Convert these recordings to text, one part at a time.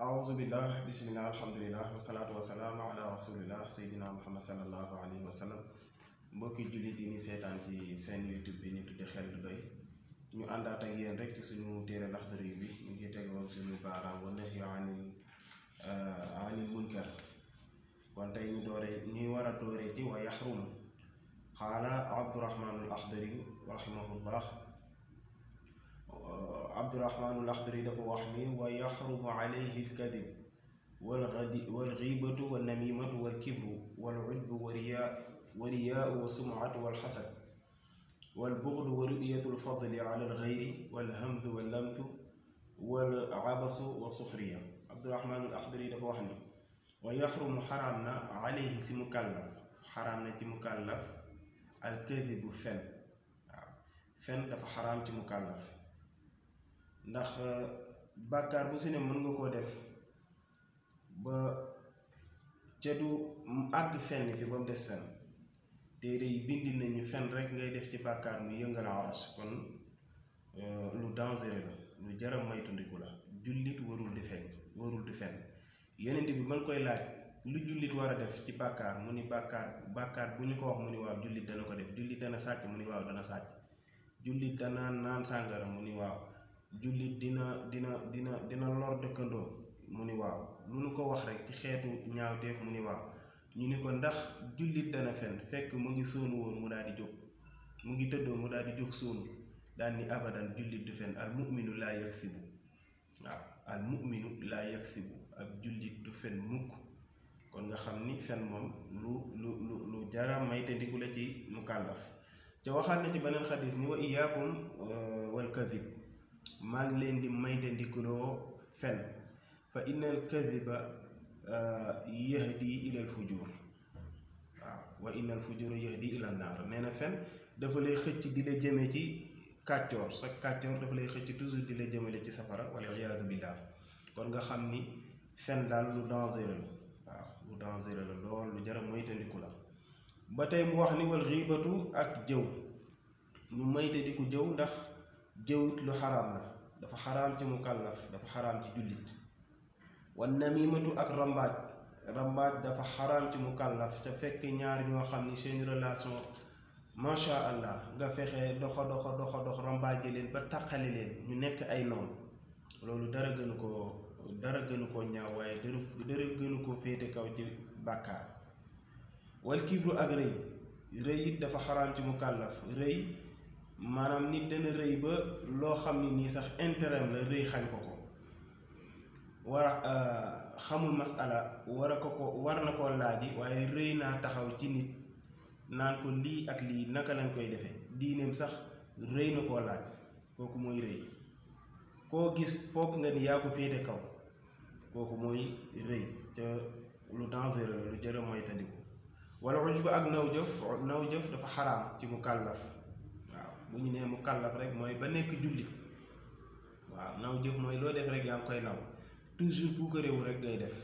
أعوذ بالله بسم الله الحمد لله wasalaatu wasalaam ala rasulillah seydina muhammad sallallahu alayhi wa sallam mbokki jullit yi ni seetaan ci seen youtube bi ñu tudde xel du doy ñu àndaat ak yéen rek ci suñu téere Laxdari bi ñu ngi tegoon suñu baaraam wa nahyu anil anil munkar kon tey ñu dooree ñuy war a dooree ci wa yaxrum qaala abdurahman al axdari rahimahullah عبد الرحمن الأخضري له وحمي ويحرم عليه الكذب والغيبة والنميمة والكبر والعجب ورياء والرياء والسمعة والحسد والبغض ورؤية الفضل على الغير والهمذ واللمث والعبس والسخرية عبد الرحمن الأخضري له وحمي ويحرم حرامنا عليه مكلف حرامنا مكلف الكذب فن فن dafa حرام ci ndax euh, bakar bu sene mën nga ko def ba ca du ag fenn fi bam dess fenn téere yi bindi nañu fenn rek ngay def ci bakar mu yëngal aras kon euh, lu dangereux la lu jaram maytundiku la julit warul di fenn warul di fenn yeneen bi man koy laaj lu julit wara def ci bakar mu ni bakar bakar bu ko wax mu ni waaw julit dana ko def julit dana sacc mu ni waaw dana sacc julit dana naan sangara mu ni waaw jullit dina dina dina dina lor dëkkandoo mu ni waaw lu nu ko wax rek ci xeetu ñaawteef mu ni waaw ñu ni ko ndax jullit dana fen fekk mu ngi sóonu woon mu daal di jóg mu ngi tëddoo mu daal di jóg sóonu daal ni abadan jullit du fen al muminu laa yaksibu waaw jullit du fen mukk kon nga xam ni fen moom lu lu lu lu jara may te la ci mu kàllaf ca waxaat na ci beneen xadis ni wa iyaakum euh, wal ماغ لين دي مايدن دي كلو فن فان الكذب يهدي الى الفجور وان الفجور يهدي الى النار نينا فن دا فلي خيتي دي لا جيمي تي كاتيور سا كاتيور دا فلي خيتي توجور دي لا جيمي تي بالله كون غا فن دال لو دانجير لو لو لو لو جارا مايدن دي كلو با تاي مو واخني والغيبه ak jew ñu may te diku جوت لو حرام لا دا فا حرام تي مكلف دا فا حرام تي جوليت والنميمه اك رمبات رمبات دا فا حرام تي مكلف تا فك ñaar ño xamni seen relation ما شاء الله دا فخه دوخو دوخو دوخو دوخ رمبا جيلين با تاخالي لين ني نيك اي نون لولو دارا گنوكو دارا گنوكو ña واي دارا گنوكو فيتي كاو تي بكار والكبر اك ري ري دا فا حرام تي مكلف ري maanaam nit dana rëy ba loo xam ne nii sax intérêt la rëy xañ ko ko war a euh, xamul masala war a ko ko war na koo laaji waaye rëy naa taxaw ci nit naan ko lii ak lii naka lañ koy defee diineem sax rëy na koo laaj kooku mooy rëy koo gis foog nga ni yaa ko féete kaw kooku mooy rëy ca lu dangereux la lu jërë moytandiku wala ujub ak naw jëf naw jëf dafa xaraam ci mu kàllaf bu ñu nee mu kàllaf rek mooy ba nekk jullit waaw naw jëf mooy loo def rek yaa ngi koy naw toujours bu ko réew rek ngay def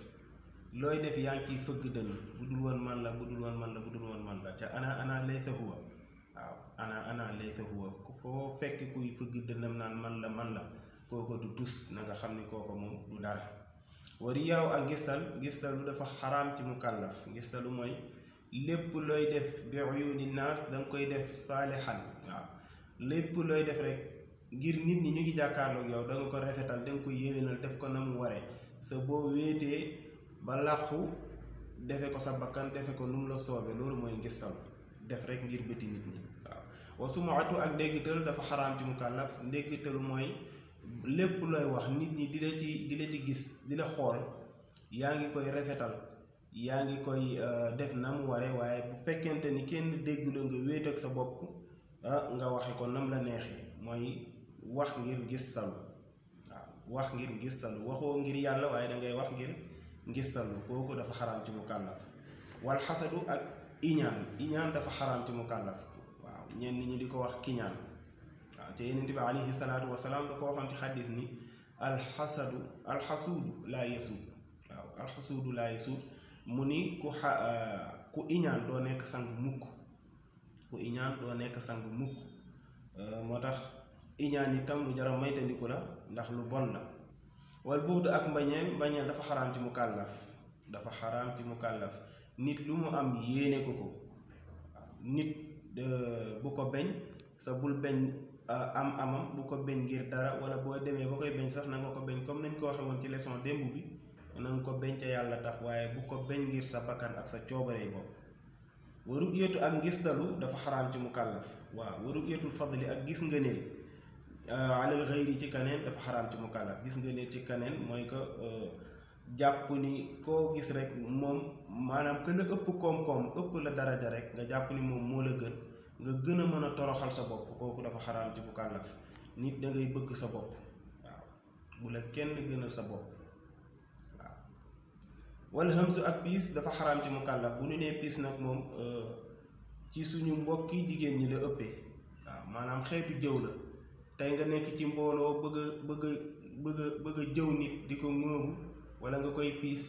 looy def yaa ngi ciy fëgg dënn bu dul woon man la bu dul woon man la bu dul woon man la ca ana ana laysa huwa waaw ana ana laysa huwa foo fekk kuy fëgg dënnam naan man la man la kooko du tus na nga xam ni kooko moom du dara wari yaaw ak gistal gistalu dafa xaraam ci mu kàllaf gistalu mooy lépp looy def bi uyuni naas danga koy def saalixan waaw lépp looy def rek ngir nit ñi ñu ngi jàkkaarloog yow danga ko rafetal da nga ko yéwénal def ko na mu waree sa boo wéetee ba làqu defe ko sa bakkan defe ko lu mu la soobee loolu mooy ngistal def rek ngir bëti nit ñi waaw wasumaatu ak ndéggital dafa xaraam ci mukallaf ndéggitalu mooy lépp looy wax nit ñi di la ci di la ci gis di la xool yaa ngi koy rafetal yaa ngi koy euh, def na mu ware waaye bu fekkente ni kenn déggu la nga wéet ak sa bopp Ah, nga waxe ko nam la neexee mooy wax ngir gistalu waaw wax ngir gistalu waxoo ngir yàlla waaye dangay wax ngir gistalu kooku dafa xaraam ci mu kàllaf wal ak iñaan iñaan dafa xaraam ci mu kàllaf waaw ñenn ñi di ko wax kiñaan waaw te yenent bi alayhi salaatu wasalaam da ko waxoon ci xaddis ni alxasadu alxasuudu laa yesuud waaw alxasuudu laa yesuud mu ni ku xa ah, ku iñaan doo nekk sang mukk ku iñaan doo nekk sang mukk euh, moo tax iñaan tam lu jara maytandiku la ndax lu bon la wal buud ak mbañeel mbañeel dafa xaraam ci mukallaf dafa xaraam ci mukallaf nit lu mu am yéene ko ko nit euh, bu ko beñ sa bul beñ euh, am amam bu ko beñ ngir dara wala boo demee ba koy beñ sax na nga ko beñ comme nañ ko waxe woon ci leçon démb bi na nga ko beñ ca yàlla tax waaye bu ko beñ ngir sa bakkan ak sa coobaree bopp wa ru'yatu ak ngistalu dafa xaraam ci mukallaf waaw wa ru'yatul fadli ak gis nga neen euh, alal xëyri ci kaneen dafa xaraam ci mukallaf gis nga neen ci kaneen mooy que euh, jàpp ni koo gis rek moom maanaam kën la ëpp koom-koom ëpp la daraja rek nga jàpp ni moom moo la gën nga gën a mën a toroxal sa bopp kooku dafa xaraam ci mukallaf nit da bëgg sa bopp waaw bu la kenn gënal sa bopp wal hamzu ak piis dafa xaraam ci mukallaf bu ñu nee piis nag moom euh, ci suñu mbokki jigéen ñi la ëppee waaw maanaam xeetu jëw la tey nga nekk ci mbooloo bëgg bëgg a bëgg bëgg jëw nit di ko ngóobu wala nga koy piis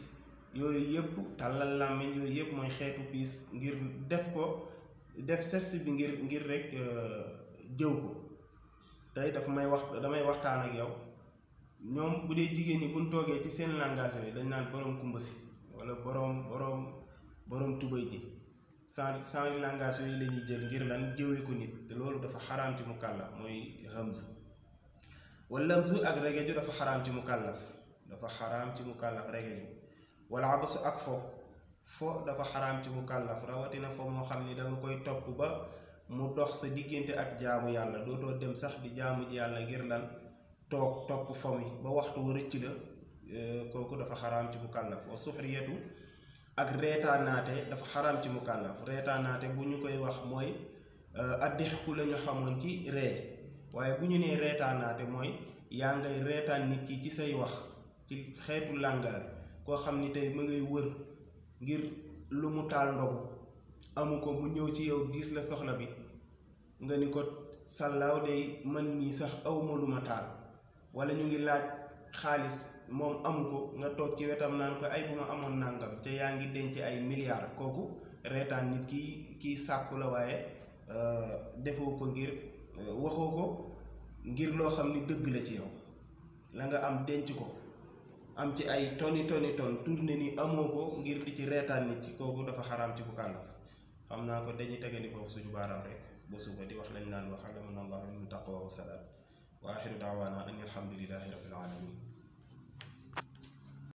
yooyu yëpp tàllal làmmiñ yooyu yëpp mooy xeetu piis ngir def ko def sest bi ngir ngir rek euh, jëw ko tey dafa may wax damay waxtaan ak yow ñoom bu dee jigéen ñi buñ toogee ci seen langage yooyu dañ naan borom kumba si wala boroom boroom boroom tubay ji sans sans langage yooyu la ñuy jël ngir lan jëwee ko nit te loolu dafa xaraam ci mukallaf mooy hamz wala hamz ak regeju dafa xaraam ci mukallaf dafa xaraam ci mukallaf regeju wala absu ak fo fo dafa xaraam ci mukallaf rawatina fo moo xam ni da koy topp ba mu dox sa diggante ak jaamu yàlla dootoo dem sax di jaamu yàlla ngir lan toog topp fo mi ba waxtu wa rëcc la Euh, kooku dafa xaraam ci mukallaf wa suxriyatu ak reetaanaate dafa xaraam ci mukallaf reetaanaate bu ñu koy wax mooy euh, addexku la ñu xamoon ci ree waaye bu ñu nee reetaanaate mooy yaa ngay reetaan nit ki ci say wax ci xeetu langage koo xam ni tey ma ngay wër ngir lu mu taal ndogu amu ko mu ñëw ci yow diis la soxla bi nga ni ko sàllaaw day man mii sax awma lu ma taal wala ñu ngi laaj xaalis mom amu ko nga tok ci wetam nan ko ay buma amon nangam te yaangi denc ay milliards koku retan nit ki ki sakku la euh defo ko ngir euh, waxoo ko ngir lo xamni deug la ci yow la nga am denc ko am ci ay toni toni ton tourne ni amoko ngir di ci retan nit ci koku dafa haram ci ku kàllaf xam ko dañi tegandi ko suñu baram rek bo suba di wax lañ nan wax alamana allahu min taqwa wa salat wa rabbil alamin